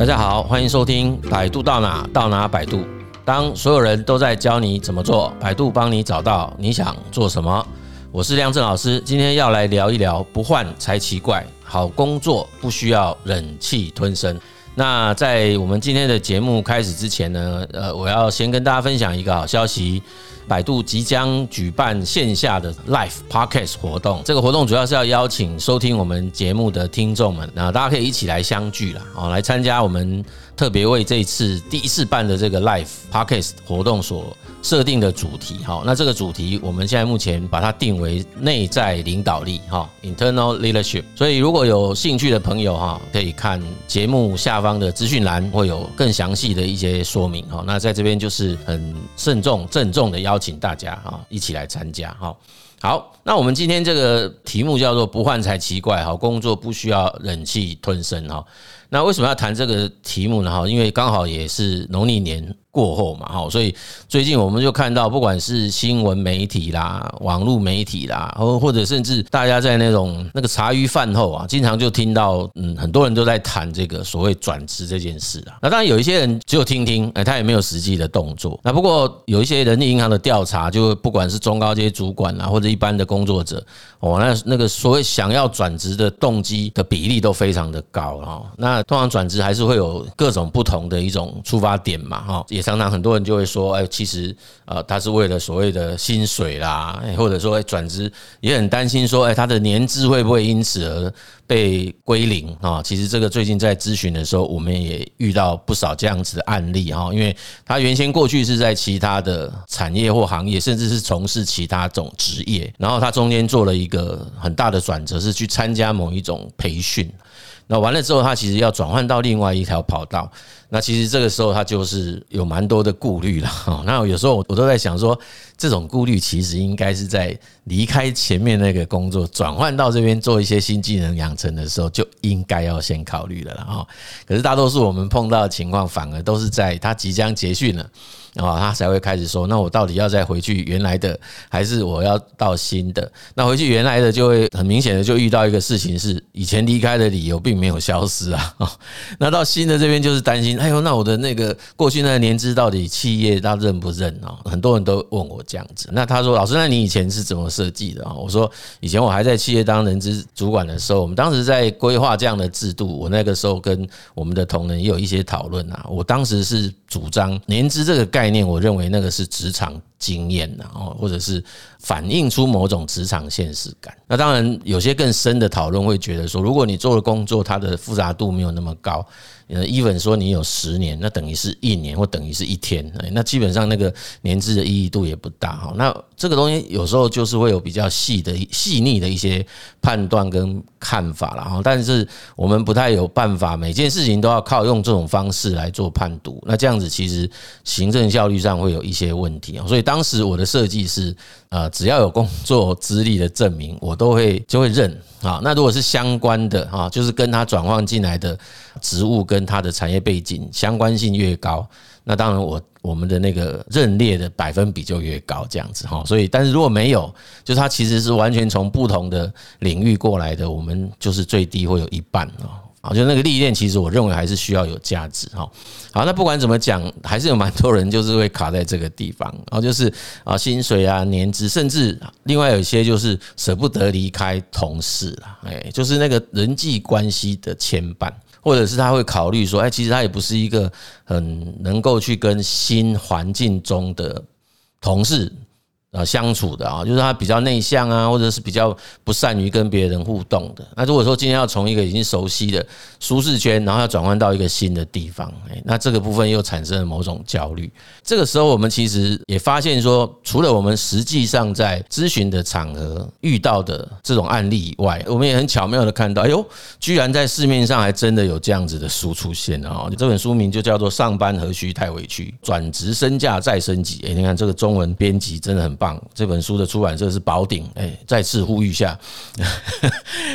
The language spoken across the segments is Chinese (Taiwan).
大家好，歡迎收聽《擺渡到哪，到哪擺渡》。當所有人都在教你怎麼做，擺渡幫你找到你想做什麼。我是亮正老師，今天要來聊一聊不換才奇怪。好工作不需要忍氣吞聲。那在我們今天的節目開始之前呢，呃，我要先跟大家分享一個好消息。擺渡即將舉辦線下的 Live Podcast 活動，這個活動主要是要邀請收聽我們節目的聽眾們，那大家可以一起來相聚了，啊，來參加我們特別為這次第一次辦的這個 Live Podcast 活動所設定的主題，好，那這個主題我們現在目前把它定為內在領導力，哈，Internal Leadership。所以如果有興趣的朋友哈，可以看節目下方的資訊欄會有更詳細的一些說明，好，那在這邊就是很慎重鄭重的邀。請大家哈，一起來參加哈。好，那我們今天這個題目叫做“不換才奇怪”，好，工作不需要忍氣吞聲哈。那為什麼要談這個題目呢？哈，因為剛好也是農曆年過後嘛，哈，所以最近我們就看到，不管是新聞媒體啦、網絡媒體啦，然後或者甚至大家在那種那個茶餘飯後啊，經常就聽到，嗯，很多人都在談這個所謂轉職這件事啊。那當然有一些人只有聽聽，哎，他也沒有實際的動作。那不過有一些人力銀行的調查，就不管是中高階主管啊，或者一般的工作者，哦，那那個所謂想要轉職的動機的比例都非常的高哈，那通常轉職還是會有各種不同的一種出發點嘛，哈，也常常很多人就會說，哎，其實啊，他是為了所謂的薪水啦，或者說轉職也很擔心說，哎，他的年資會不會因此而被歸零啊！其實這個最近在諮詢的時候，我們也遇到不少這樣子的案例哈。因為他原先過去是在其他的產業或行業，甚至是從事其他種職業，然後他中間做了一個很大的轉折，是去參加某一種培訓。那完了之後，他其實要轉換到另外一條跑道。那其實這個時候他就是有蠻多的顧慮了哈。那有時候我都在想說，這種顧慮其實應該是在離開前面那個工作，轉換到這邊做一些新技能養成的時候，就應該要先考慮了哈。可是大多數我們碰到的情況，反而都是在他即將結訓了。啊，他才會開始說，那我到底要再回去原來的，還是我要到新的？那回去原來的就會很明顯的就遇到一個事情，是以前離開的理由並沒有消失啊。那到新的這邊就是擔心，哎呦，那我的那個過去那個年資到底企業他認不認啊？很多人都問我這樣子。那他說，老師，那你以前是怎麼設計的啊？我說，以前我還在企業當人資主管的時候，我們當時在規劃這樣的制度，我那個時候跟我們的同仁也有一些討論啊。我當時是。主張年資這個概念，我認為那個是職場經驗吶，哦，或者是反映出某種職場現實感。那當然，有些更深的討論會覺得說，如果你做的工作它的複雜度沒有那麼高。呃，even 說你有十年，那等於是一年，或等於是一天，哎，那基本上那個年資的意義度也不大哈。那這個東西有時候就是會有比較細的、細膩的一些判斷跟看法了哈。但是我們不太有辦法，每件事情都要靠用這種方式來做判讀。那這樣子其實行政效率上會有一些問題啊。所以當時我的設計是。啊、呃，只要有工作資歷的證明，我都會就會認啊。那如果是相關的啊，就是跟他轉換進來的職務跟他的產業背景相關性越高，那當然我我們的那個認列的百分比就越高這樣子哈。所以，但是如果沒有，就是他其實是完全從不同的領域過來的，我們就是最低會有一半。啊，好，就那個歷練，其實我認為還是需要有價值哈。好，那不管怎麼講，還是有蠻多人就是會卡在這個地方，然後就是啊薪水啊、年資，甚至另外有一些就是捨不得離開同事啊，哎，就是那個人際關係的牽絆，或者是他會考慮說，哎，其實他也不是一個很能夠去跟新環境中的同事。啊，相處的啊，就是他比較內向啊，或者是比較不善於跟別人互動的。那如果說今天要從一個已經熟悉的舒適圈，然後要轉換到一個新的地方，那這個部分又產生了某種焦慮。這個時候，我們其實也發現說，除了我們實際上在諮詢的場合遇到的這種案例以外，我們也很巧妙的看到，哎呦，居然在市面上還真的有這樣子的書出現啊！這本書名就叫做《上班何須太委屈，轉職身價再升級》。哎，你看這個中文編輯真的很。《榜》這本書的出版社是寶鼎，哎，再次呼籲一下，呵呵，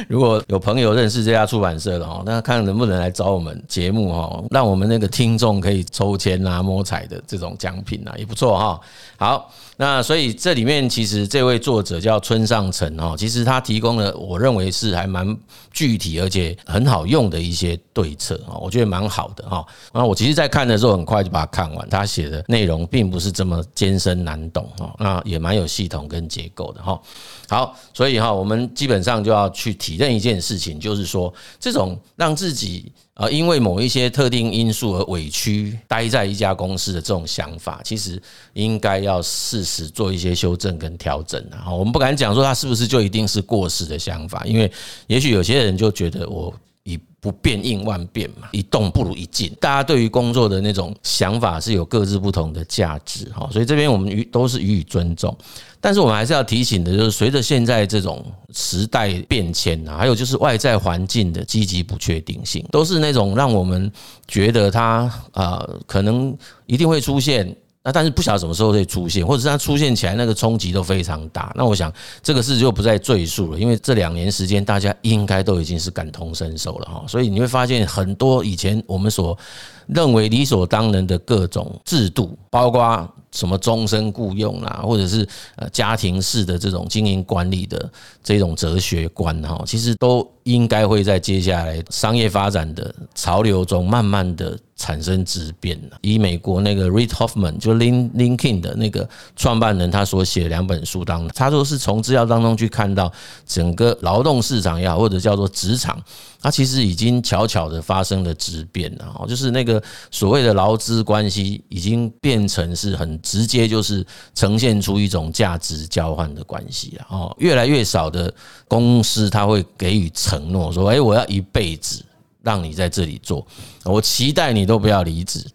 如果有朋友認識這家出版社的哦，那看能不能來找我們節目哦，讓我們那個聽眾可以抽籤啊、摸彩的這種獎品啊，也不錯哈、哦。好。那所以這裡面其實這位作者叫村上成哦，其實他提供了我認為是還蠻具體而且很好用的一些對策，我覺得蠻好的哈。那我其實，在看的時候很快就把它看完，他寫的內容並不是這麼艱深難懂，那也蠻有系統跟結構的哈。好，所以哈，我們基本上就要去體認一件事情，就是說這種讓自己。啊，因為某一些特定因素而委屈待在一家公司的這種想法，其實應該要適時做一些修正跟調整啊。我們不敢講說他是不是就一定是過時的想法，因為也許有些人就覺得我。以不變應萬變嘛，一動不如一靜。大家對於工作的那種想法是有各自不同的價值，所以這邊我們都是予以尊重。但是我們還是要提醒的，就是隨着現在這種時代變遷啊，還有就是外在環境的積極不確定性，都是那種讓我們覺得它啊，可能一定會出現。那但是不曉得什麼時候會出現，或者是它出現起來那個衝擊都非常大。那我想這個事就不再贅述了，因為這兩年時間大家應該都已經是感同身受了哈。所以你會發現很多以前我們所認為理所當然的各種制度，包括什麼終身雇傭啊，或者是呃家庭式的這種經營管理的這種哲學觀哈、啊，其實都應該會在接下來商業發展的潮流中，慢慢的產生質變啊。以美國那個 Reid Hoffman 就 Lin LinkedIn 的那個創辦人，他所寫兩本書當中，他說是從資料當中去看到整個勞動市場也好，或者叫做職場，它其實已經悄悄的發生了質變了哈，就是那個。所謂的勞資關係已經變成是很直接，就是呈現出一種價值交換的關係了。越來越少的公司他會給予承諾，說：“哎，我要一輩子讓你在這裡做，我期待你都不要離職。”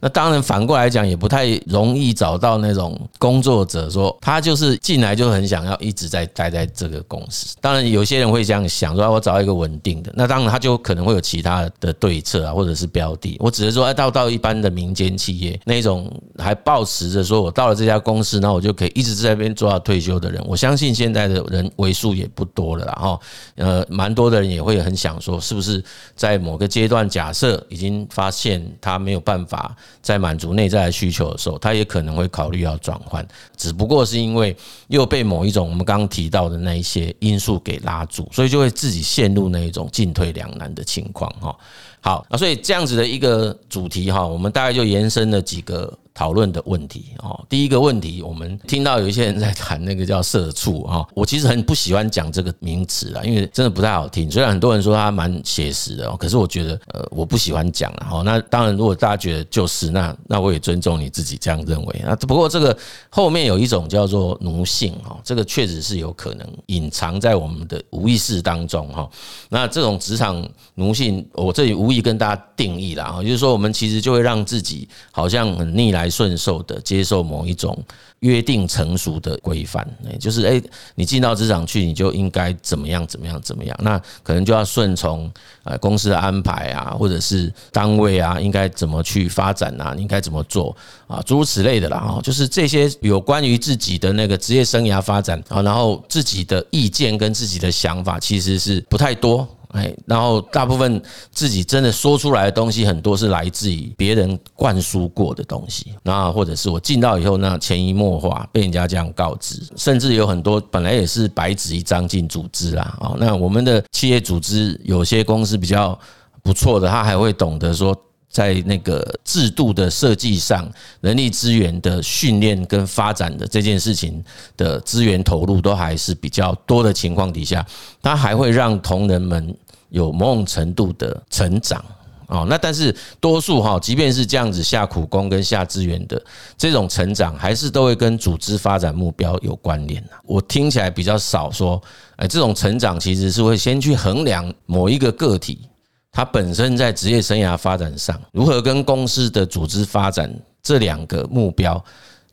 那當然，反過來講，也不太容易找到那種工作者，說他就是進來就很想要一直在待在這個公司。當然，有些人會這樣想，說我找一個穩定的，那當然他就可能會有其他的對策啊，或者是標的。我只是說，到到一般的民間企業那種還抱持着說我到了這家公司，那我就可以一直在那邊做到退休的人，我相信現在的人為數也不多了啦哈。呃，蠻多的人也會很想說，是不是在某個階段，假設已經發現他沒有辦法。在滿足內在的需求的時候，他也可能會考慮要轉換，只不過是因為又被某一種我們剛剛提到的那一些因素給拉住，所以就會自己陷入那一種進退兩難的情況哈。好，那所以這樣子的一個主題哈，我們大概就延伸了幾個。討論的問題哦，第一個問題，我們聽到有一些人在談那個叫“社畜”啊，我其實很不喜歡講這個名詞啦，因為真的不太好聽。雖然很多人說他蠻寫實的，可是我覺得呃，我不喜歡講啦。那當然，如果大家覺得就是那那，我也尊重你自己這樣認為啊。那不過這個後面有一種叫做奴性啊，這個確實是有可能隱藏在我們的無意識當中哈。那這種職場奴性，我這裡無意跟大家定義啦啊，就是說我們其實就會讓自己好像很逆來來順受的接受某一種約定成俗的規範，就是誒，你進到職場去，你就應該怎麼樣怎麼樣怎麼樣，那可能就要順從呃公司的安排啊，或者是單位啊，應該怎麼去發展啊，你應該怎麼做啊，諸如此類的啦，哦，就是這些有關於自己的那個職業生涯發展啊，然後自己的意見跟自己的想法其實是不太多。哎，然後大部分自己真的說出來的東西，很多是來自於別人灌輸過的東西，那或者是我進到以後，那潛移默化被人家這樣告知，甚至有很多本來也是白紙一張進組織啦，哦，那我們的企業組織有些公司比較不錯的，他還會懂得說。在那個制度的設計上，人力資源的訓練跟發展的這件事情的資源投入都還是比較多的情況底下，它還會讓同仁們有某種程度的成長哦，那但是多數哈，即便是這樣子下苦功跟下資源的這種成長，還是都會跟組織發展目標有關聯。我聽起來比較少說，哎，這種成長其實是會先去衡量某一個個體。他本身在職業生涯發展上，如何跟公司的組織發展這兩個目標，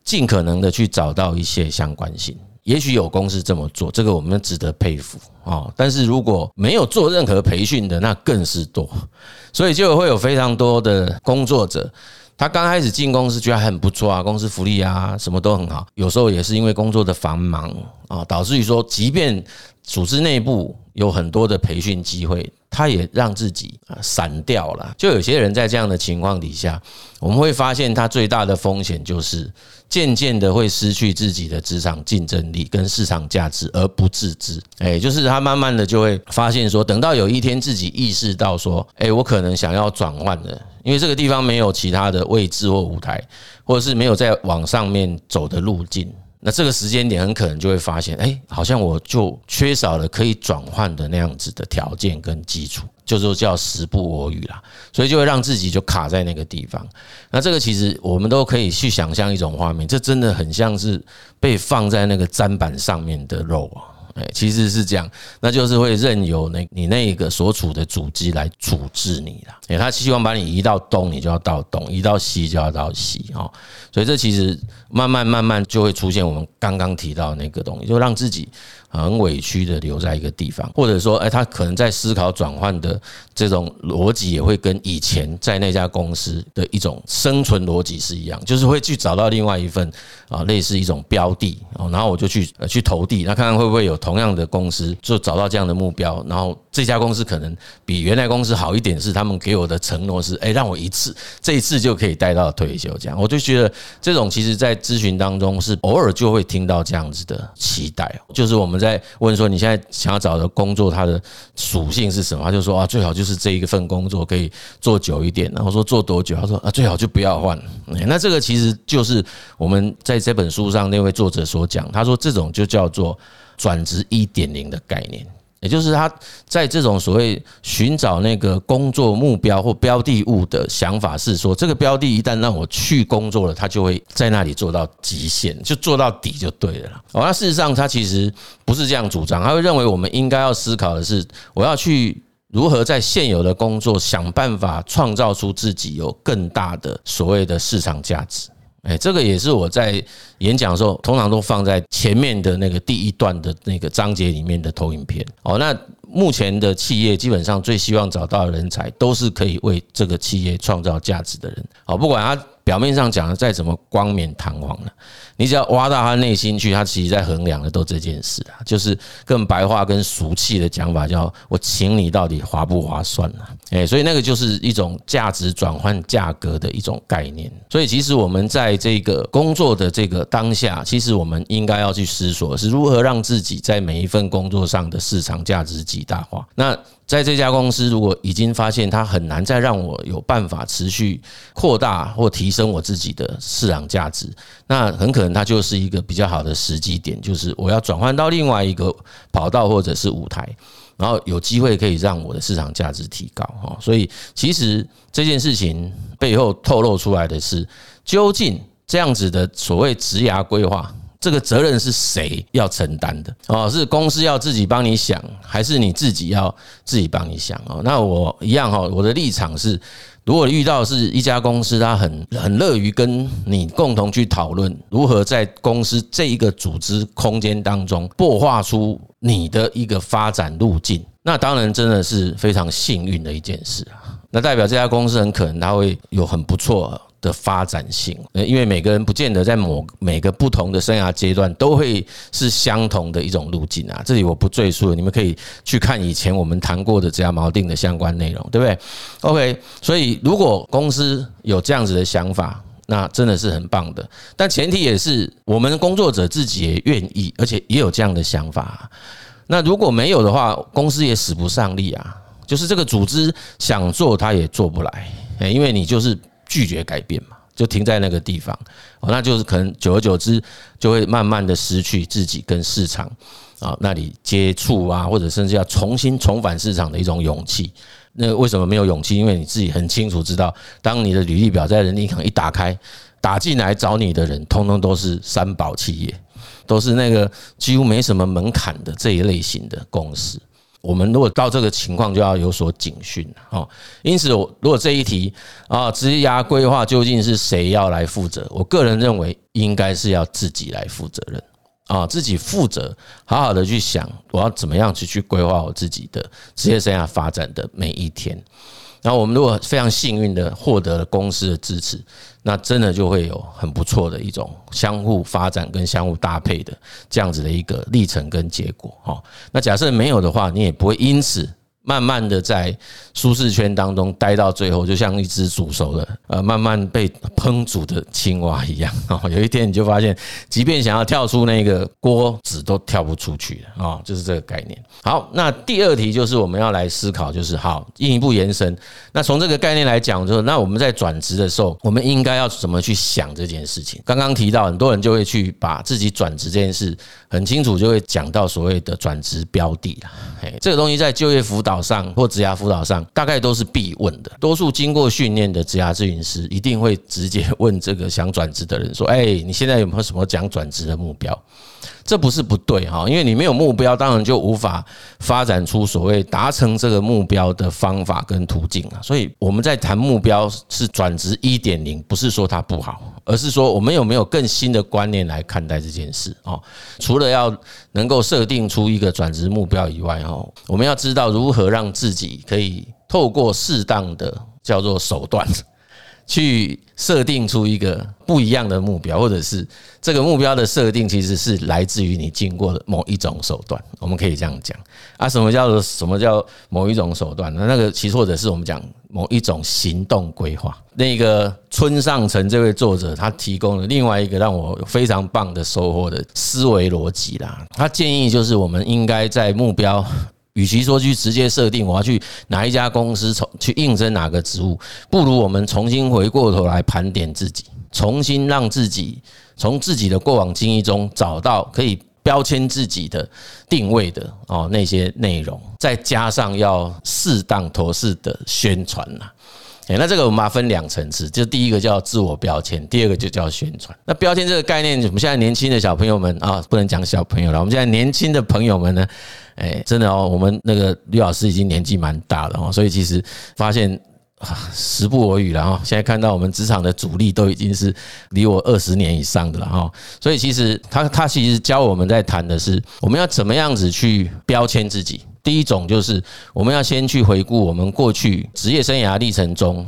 盡可能的去找到一些相關性。也許有公司這麼做，這個我們值得佩服啊！但是如果沒有做任何培訓的，那更是多，所以就會有非常多的工作者，他剛開始進公司覺得很不錯啊，公司福利啊什麼都很好，有時候也是因為工作的繁忙啊，導致於說，即便組織內部有很多的培訓機會。他也讓自己啊散掉了。就有些人在這樣的情況底下，我們會發現他最大的風險就是漸漸的會失去自己的職場競爭力跟市場價值而不自知。哎，就是他慢慢的就會發現說，等到有一天自己意識到說，哎，我可能想要轉換了，因為這個地方沒有其他的位置或舞台，或者是沒有再往上面走的路徑。那這個時間點很可能就會發現，哎，好像我就缺少了可以轉換的那樣子的條件跟基礎，就是說叫時不我予啦，所以就會讓自己就卡在那個地方。那這個其實我們都可以去想象一種畫面，這真的很像是被放在那個砧板上面的肉啊。哎，其實是這樣，那就是會任由那、你那一個所處的組織來處置你了。哎，他希望把你移到東，你就要到東；移到西，就要到西啊。所以這其實慢慢慢慢就會出現我們剛剛提到的那個東西，就讓自己。很委屈的留在一個地方，或者說，哎，他可能在思考轉換的這種邏輯，也會跟以前在那家公司的一種生存邏輯是一樣，就是會去找到另外一份啊，類似一種標的，然後我就去去投遞，那看看會不會有同樣的公司，就找到這樣的目標，然後這家公司可能比原來公司好一點，是他們給我的承諾是，哎，讓我一次這一次就可以待到退休這樣，我就覺得這種其實在諮詢當中是偶爾就會聽到這樣子的期待，就是我們。在問說，你現在想要找的工作，它的屬性是什麼？他就說啊，最好就是這一份工作可以做久一點。然後說做多久？他說啊，最好就不要換。那這個其實就是我們在這本書上那位作者所講，他說這種就叫做轉職一點零的概念。也就是他在這種所謂尋找那個工作目標或標的物的想法，是說，這個標的一旦讓我去工作了，他就會在那裡做到極限，就做到底就對了。那事實上，他其實不是這樣主張，他會認為我們應該要思考的是，我要去如何在現有的工作想辦法創造出自己有更大的所謂的市場價值。誒，欸、這個也是我在演講的時候，通常都放在前面的那個第一段的那個章節裡面的投影片。哦，那目前的企業基本上最希望找到的人才，都是可以為這個企業創造價值的人。好，不管他表面上講的再怎麼冠冕堂皇的，你只要挖到他內心去，他其實在衡量的都這件事啊，就是更白話、跟俗氣的講法，叫我請你到底划不划算呢、啊？誒，欸、所以那個就是一種價值轉換價格的一種概念。所以其實我們在這個工作的這個當下，其實我們應該要去思索，是如何讓自己在每一份工作上的市場價值極大化。那在這家公司，如果已經發現它很難再讓我有辦法持續擴大或提升我自己的市場價值，那很可能它就是一個比較好的時機點，就是我要轉換到另外一個跑道或者是舞台。然後有機會可以讓我的市場價值提高，哈，所以其實這件事情背後透露出來的是，究竟這樣子的所謂職涯規劃，這個責任是誰要承擔的？啊，是公司要自己幫你想，還是你自己要自己幫你想？哦，那我一樣哈，我的立場是。如果遇到的是一家公司，它很很樂於跟你共同去討論如何在公司這一個組織空間當中，擘畫出你的一個發展路徑，那當然真的是非常幸運的一件事啊。那代表這家公司很可能它會有很不錯的發展性，因為每個人不見得在某每個不同的生涯階段都會是相同的一種路徑啊。這裡我不贅述了，你們可以去看以前我們談過的職涯錨定的相關內容，對不對？OK，所以如果公司有這樣子的想法，那真的是很棒的，但前提也是我們工作者自己也願意，而且也有這樣的想法啊。那如果沒有的話，公司也使不上力啊，就是這個組織想做，他也做不來，哎，因為你就是。拒絕改變嘛，就停在那個地方，那就是可能久而久之就會慢慢的失去自己跟市場啊那裡接觸啊，或者甚至要重新重返市場的一種勇氣。那個為什麼沒有勇氣？因為你自己很清楚知道，當你的履歷表在人力銀行一打開，打進來找你的人，通通都是三寶企業，都是那個幾乎沒什麼門檻的這一類型的公司。我們如果到這個情況，就要有所警訊。因此，我如果這一題啊，職業規劃究竟是誰要來負責？我個人認為，應該是要自己來負責任啊，自己負責，好好的去想，我要怎麼樣去去規劃我自己的職業生涯發展的每一天。然後，我們如果非常幸運的獲得了公司的支持。那真的就會有很不錯的一種相互發展跟相互搭配的這樣子的一個歷程跟結果哈。那假設沒有的話，你也不會因此。慢慢的在舒適圈當中待到最後，就像一隻煮熟了呃，慢慢被烹煮的青蛙一樣啊。有一天你就發現，即便想要跳出那個鍋子都跳不出去啊，就是這個概念。好，那第二題就是我們要來思考，就是好，進一步延伸。那從這個概念來講，就是那我們在轉職的時候，我們應該要怎麼去想這件事情？剛剛提到，很多人就會去把自己轉職這件事很清楚，就會講到所謂的轉職標的了。這個東西在就業輔導。上或職涯輔導上，大概都是必問的。多數經過訓練的職涯諮詢師，一定會直接問這個想轉職的人說：“哎，你現在有沒有什麼想轉職的目標？”這不是不對哈，因為你沒有目標，當然就無法發展出所謂達成這個目標的方法跟途徑啊。所以我們在談目標是轉職一點零，不是說它不好，而是說我們有沒有更新的觀念來看待這件事啊？除了要能夠設定出一個轉職目標以外，哈，我們要知道如何讓自己可以透過適當的叫做手段。去設定出一個不一樣的目標，或者是這個目標的設定其實是來自於你經過的某一種手段，我們可以這樣講啊。什麼叫做什麼叫某一種手段呢？那個其實或者是我們講某一種行動規劃。那個村上城這位作者他提供了另外一個讓我非常棒的收穫的思維邏輯啦。他建議就是我們應該在目標。與其說去直接設定我要去哪一家公司，從去應徵哪個職務，不如我們重新回過頭來盤點自己，重新讓自己從自己的過往經歷中找到可以標籤自己的定位的哦那些內容，再加上要適當妥適的宣傳吶。哎，欸、那這個我們啊分兩層次，就第一個叫自我標籤，第二個就叫宣傳。那標籤這個概念，我們現在年輕的小朋友們啊，不能講小朋友了，我們現在年輕的朋友們呢，哎，真的哦、喔，我們那個呂老師已經年紀蠻大了哦，所以其實發現。啊，時不我與了哈，現在看到我們職場的主力都已經是離我二十年以上的了哈，所以其實他他其實教我們在談的是，我們要怎麼樣子去標籤自己。第一種就是我們要先去回顧我們過去職業生涯歷程中，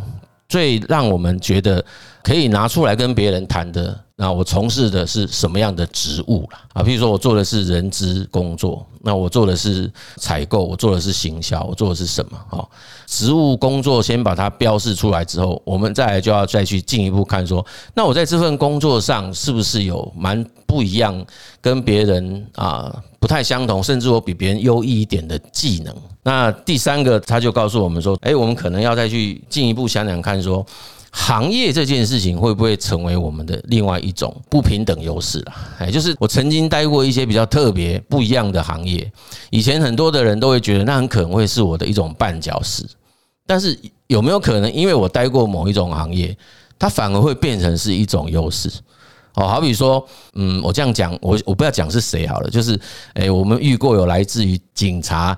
最讓我們覺得可以拿出來跟別人談的。那我從事的是什麼樣的職務啦啊，譬如說我做的是人資工作，那我做的是採購，我做的是行銷，我做的是什麼？哦，職務工作先把它標示出來之後，我們再來就要再去進一步看說，那我在這份工作上是不是有蠻不一樣，跟別人啊不太相同，甚至我比別人優異一點的技能？那第三個他就告訴我們說，哎，我們可能要再去進一步想想看說。行業這件事情會不會成為我們的另外一種不平等優勢了？誒，就是我曾經待過一些比較特別、不一樣的行業，以前很多的人都會覺得那很可能會是我的一種絆腳石，但是有沒有可能，因為我待過某一種行業，它反而會變成是一種優勢？哦，好比說，嗯，我這樣講，我我不要講是誰好了，就是誒，我們遇過有來自於警察，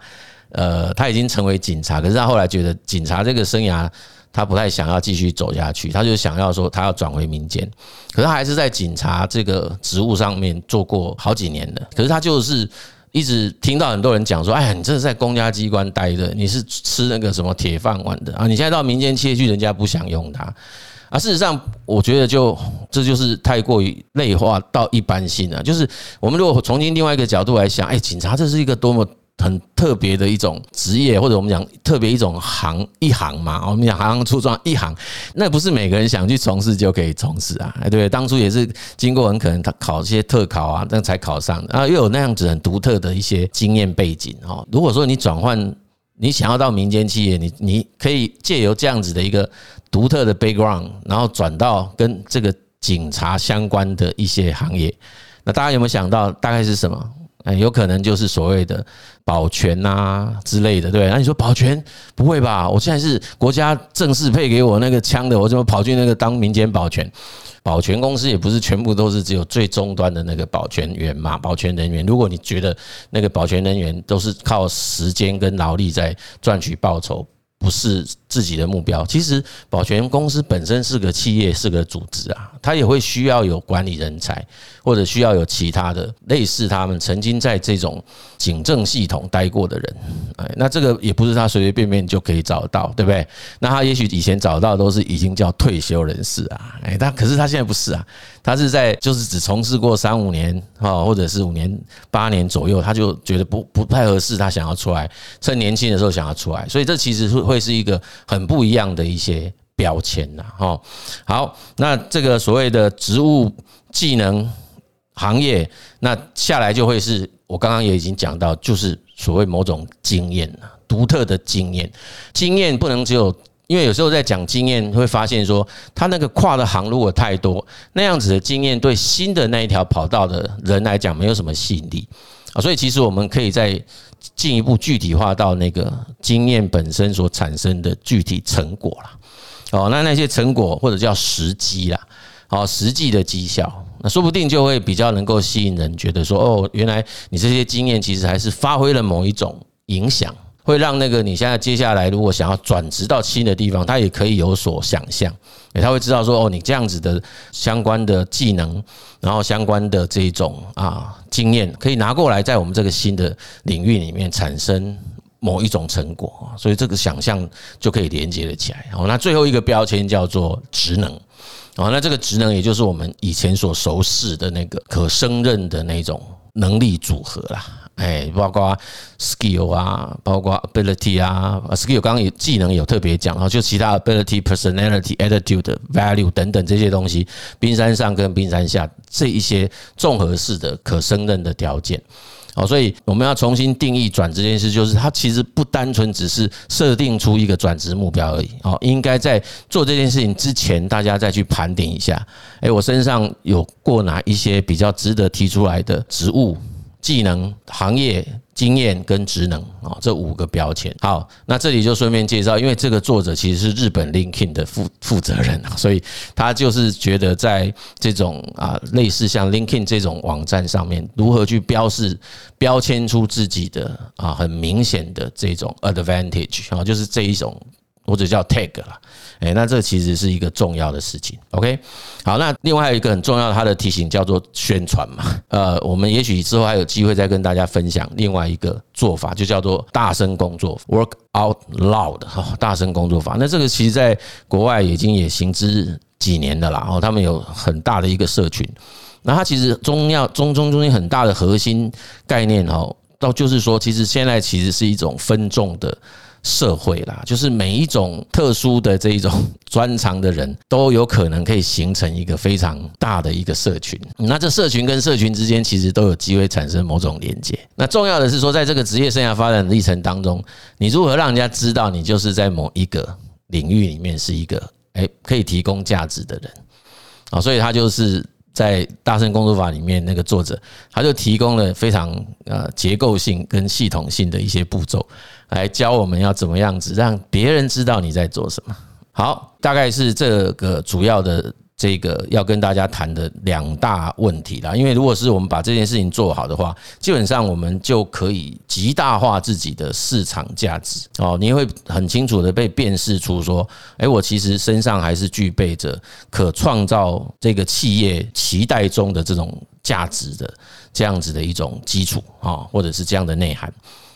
呃，他已經成為警察，可是他後來覺得警察這個生涯，他不太想要繼續走下去，他就想要說他要轉回民間，可是他還是在警察這個職務上面做過好幾年的。可是他就是一直聽到很多人講說：“哎呀，你這是在公家機關待的，你是吃那個什麼鐵飯碗的啊！你現在到民間切去，人家不想用他。”啊，事實上，我覺得就這就是太過於類化到一般性了啊。就是我們如果從另外一個角度來想，哎，警察這是一個多麼……很特別的一種職業，或者我們講特別一種行一行嘛，我們講行行出狀元一行，那不是每個人想去從事就可以從事啊。對，當初也是經過很可能他考一些特考啊，那才考上啊，又有那樣子很獨特的一些經驗背景哦。如果說你轉換，你想要到民間企業，你你可以借由這樣子的一個獨特的 background，然後轉到跟這個警察相關的一些行業，那大家有沒有想到大概是什麼？哎，有可能就是所謂的保全啊之類的，對。那、啊、你說保全不會吧？我現在是國家正式配給我那個槍的，我怎麼跑去那個當民間保全？保全公司也不是全部都是只有最終端的那個保全員嘛，保全人員。如果你覺得那個保全人員都是靠時間跟勞力在賺取報酬，不是自己的目標。其實保全公司本身是個企業，是個組織啊，他也會需要有管理人才，或者需要有其他的類似他們曾經在這種警政系統待過的人。哎，那這個也不是他隨隨便便就可以找到，對不對？那他也許以前找到都是已經叫退休人士啊。哎，但可是他現在不是啊。他是在就是只從事過三五年哈，或者是五年、八年左右，他就覺得不不太合適，他想要出來，趁年輕的時候想要出來，所以這其實是會是一個很不一樣的一些標籤吶，哈。好，那這個所謂的職務技能行業，那下來就會是，我剛剛也已經講到，就是所謂某種經驗，獨特的經驗，經驗不能只有。因為有時候在講經驗，會發現說他那個跨的航路有太多，那樣子的經驗對新的那一條跑道的人來講沒有什麼吸引力啊。所以其實我們可以再進一步具體化到那個經驗本身所產生的具體成果啦。哦，那那些成果或者叫實際啦，哦，實際的績效，那說不定就會比較能夠吸引人，覺得說哦、喔，原來你這些經驗其實還是發揮了某一種影響。會讓那個你現在接下來如果想要轉職到新的地方，他也可以有所想象。哎，他會知道說，哦，你這樣子的相關的技能，然後相關的這種啊經驗，可以拿過來在我們這個新的領域裡面產生某一種成果，所以這個想象就可以連接了起來。好，那最後一個標籤叫做職能。好，那這個職能也就是我們以前所熟識的那個可升任的那種。能力組合啦，哎，包括 skill 啊，包括 ability 啊，skill 剛剛有技能有特別講啊，就其他 ability、personality、attitude、value 等等這些東西，冰山上跟冰山下這一些綜合式的可勝任的條件，哦，所以我們要重新定義轉職這件事，就是它其實不單純只是設定出一個轉職目標而已，哦，應該在做這件事情之前，大家再去盤點一下，哎，我身上有過哪一些比較值得提出來的職務。務技能、行業、經驗跟職能啊，這五個標籤。好，那這裡就順便介紹，因為這個作者其實是日本 LinkedIn 的負負責人啊，所以他就是覺得在這種啊類似像 LinkedIn 這種網站上面，如何去標示、標籤出自己的啊很明顯的這種 advantage 啊，就是這一種或者叫 tag 了。哎，欸、那這其實是一個重要的事情。OK，好，那另外一個很重要的它的提醒叫做宣傳嘛。呃，我們也許之後還有機會再跟大家分享另外一個做法，就叫做大聲工作 （work out loud） 哈，大聲工作法。那這個其實，在國外已經也行之幾年的啦。哦，他們有很大的一個社群。那它其實中央、中、中、中心很大的核心概念哈，到就是說，其實現在其實是一種分眾的。社會啦，就是每一種特殊的這一種專長的人，都有可能可以形成一個非常大的一個社群。那這社群跟社群之間，其實都有機會產生某種連接。那重要的是說，在這個職業生涯發展歷程當中，你如何讓人家知道你就是在某一個領域裡面是一個誒可以提供價值的人啊。所以，他就是。在《大聲工作法》裡面，那個作者他就提供了非常呃結構性跟系統性的一些步驟，來教我們要怎麼樣子讓別人知道你在做什麼。好，大概是這個主要的。這個要跟大家談的兩大問題啦，因為如果是我們把這件事情做好的話，基本上我們就可以極大化自己的市場價值哦。你會很清楚的被辨識出說，誒，我其實身上還是具備着可創造這個企業期待中的這種價值的這樣子的一種基礎啊，或者是這樣的內涵。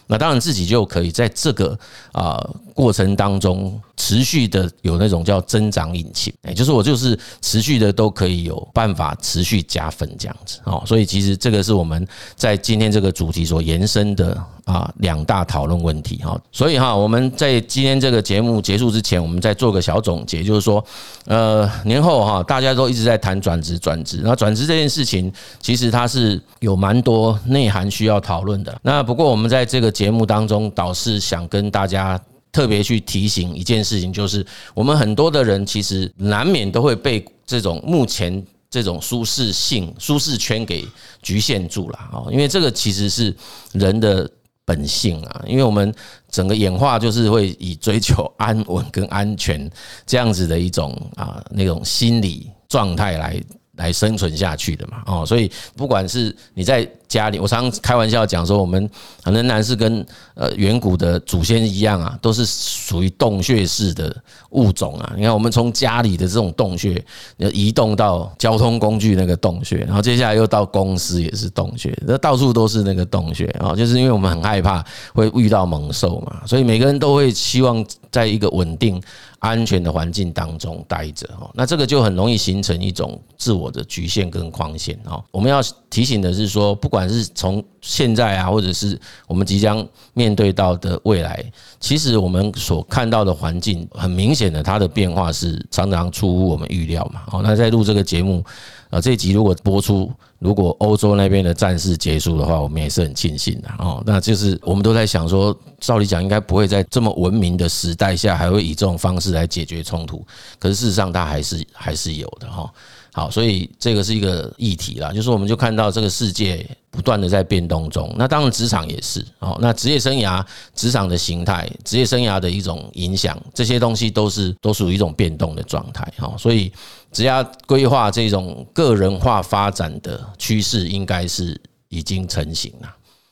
那當然自己就可以在這個啊過程當中持續的有那種叫增長引擎，也就是我就是持續的都可以有辦法持續加分這樣子哦，所以其實這個是我們在今天這個主題所延伸的。啊，兩大討論問題哈，所以哈，我們在今天這個節目結束之前，我們再做個小總結，就是說，呃，年後哈，大家都一直在談轉職，轉職，那轉職這件事情，其實它是有蠻多內涵需要討論的。那不過我們在這個節目當中，倒是想跟大家特別去提醒一件事情，就是我們很多的人其實難免都會被這種目前這種舒適性、舒適圈給局限住了哈，因為這個其實是人的。本性啊，因為我們整個演化就是會以追求安穩跟安全這樣子的一種啊，那種心理狀態來來生存下去的嘛，哦，所以不管是你在。家裡，我常常開玩笑講說，我們很多男士跟呃遠古的祖先一樣啊，都是屬於洞穴式的物種啊。你看，我們從家裡的這種洞穴要移動到交通工具那個洞穴，然後接下來又到公司也是洞穴，那到處都是那個洞穴啊。就是因為我們很害怕會遇到猛獸嘛，所以每個人都會希望在一個穩定、安全的環境當中待着哦。那這個就很容易形成一種自我的局限跟框限哦。我們要提醒的是說，不管是從現在啊，或者是我們即將面對到的未來，其實我們所看到的環境，很明顯的它的變化是常常出乎我們預料嘛。哦，那在錄這個節目啊，這集如果播出，如果歐洲那邊的戰事結束的話，我們也是很慶幸的哦。那就是我們都在想說，照理講應該不會在這麼文明的時代下，還會以這種方式來解決衝突。可是事實上，它還是還是有的哈。好，所以這個是一個議題啦，就是我們就看到這個世界不斷的在變動中，那當然職場也是哦，那職業生涯、職場的形態、職業生涯的一種影響，這些東西都是都屬於一種變動的狀態哈，所以職業規劃這種個人化發展的趨勢，應該是已經成型了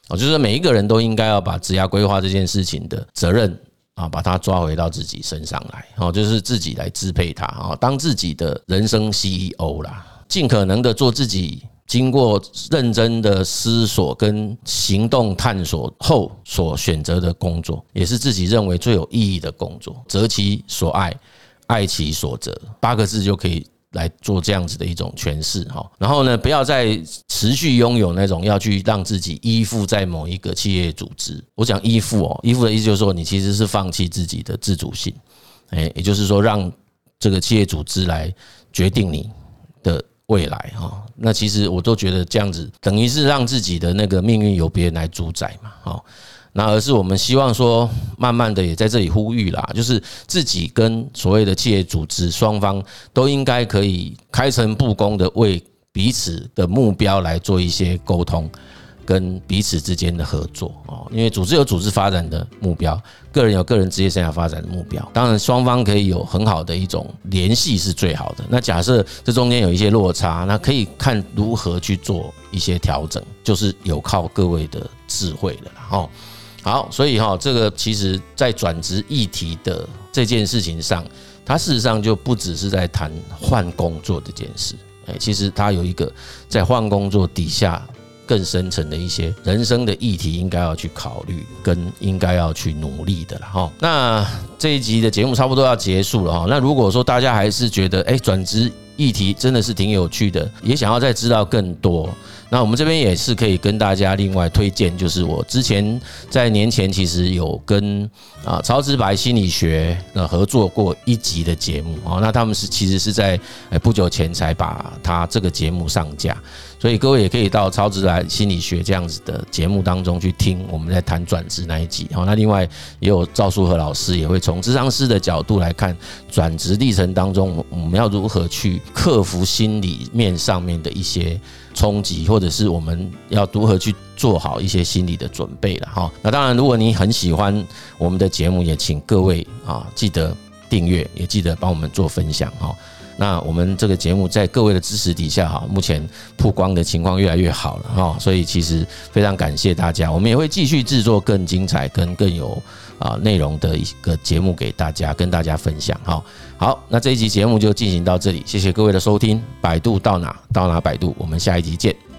哦，就是每一個人都應該要把職業規劃這件事情的責任。啊，把他抓回到自己身上來，哦，就是自己來支配他啊，當自己的人生 CEO 啦，盡可能的做自己經過認真的思索跟行動探索後所選擇的工作，也是自己認為最有意義的工作，擇其所愛，愛其所擇，八個字就可以來做這樣子的一種詮釋哈，然後呢，不要再持續擁有那種要去讓自己依附在某一個企業組織。我講依附哦、喔，依附的意思就是說你其實是放棄自己的自主性，誒，也就是說讓這個企業組織來決定你的未來哈。那其實我都覺得這樣子等於是讓自己的那個命運由別人來主宰嘛，哈。那而是我們希望說，慢慢的也在這裡呼籲啦，就是自己跟所謂的企業組織雙方都應該可以開誠布公的為彼此的目標來做一些溝通，跟彼此之間的合作哦。因為組織有組織發展的目標，個人有個人職業生涯發展的目標，當然雙方可以有很好的一種聯繫是最好的。那假設這中間有一些落差，那可以看如何去做一些調整，就是有靠各位的智慧的啦哦。好，所以哈，這個其實在轉職議題的這件事情上，它事實上就不只是在談換工作這件事，哎，其實它有一個在換工作底下更深層的一些人生的議題，應該要去考慮跟應該要去努力的了哈。那這一集的節目差不多要結束了哈，那如果說大家還是覺得哎，轉職議題真的是挺有趣的，也想要再知道更多。那我們這邊也是可以跟大家另外推薦，就是我之前在年前其實有跟，啊，超直白心理學呃合作過一集的節目哦，那他們是其實是在不久前才把他這個節目上架，所以各位也可以到超直白心理學這樣子的節目當中去聽我們在談轉職那一集哦，那另外也有趙書和老師也會從諮商師的角度來看轉職歷程當中，我們要如何去克服心理面上面的一些。衝擊，或者是我們要如何去做好一些心理的準備了哈。那當然，如果你很喜歡我們的節目，也請各位啊記得訂閱，也記得幫我們做分享哈。那我們這個節目在各位的支持底下哈，目前曝光的情況越來越好了哈。所以其實非常感謝大家，我們也會繼續製作更精彩跟更有。啊，內容的一個節目給大家，跟大家分享，好，好，那這一集節目就進行到這裡，謝謝各位的收聽，擺渡到哪，到哪擺渡，我們下一集見。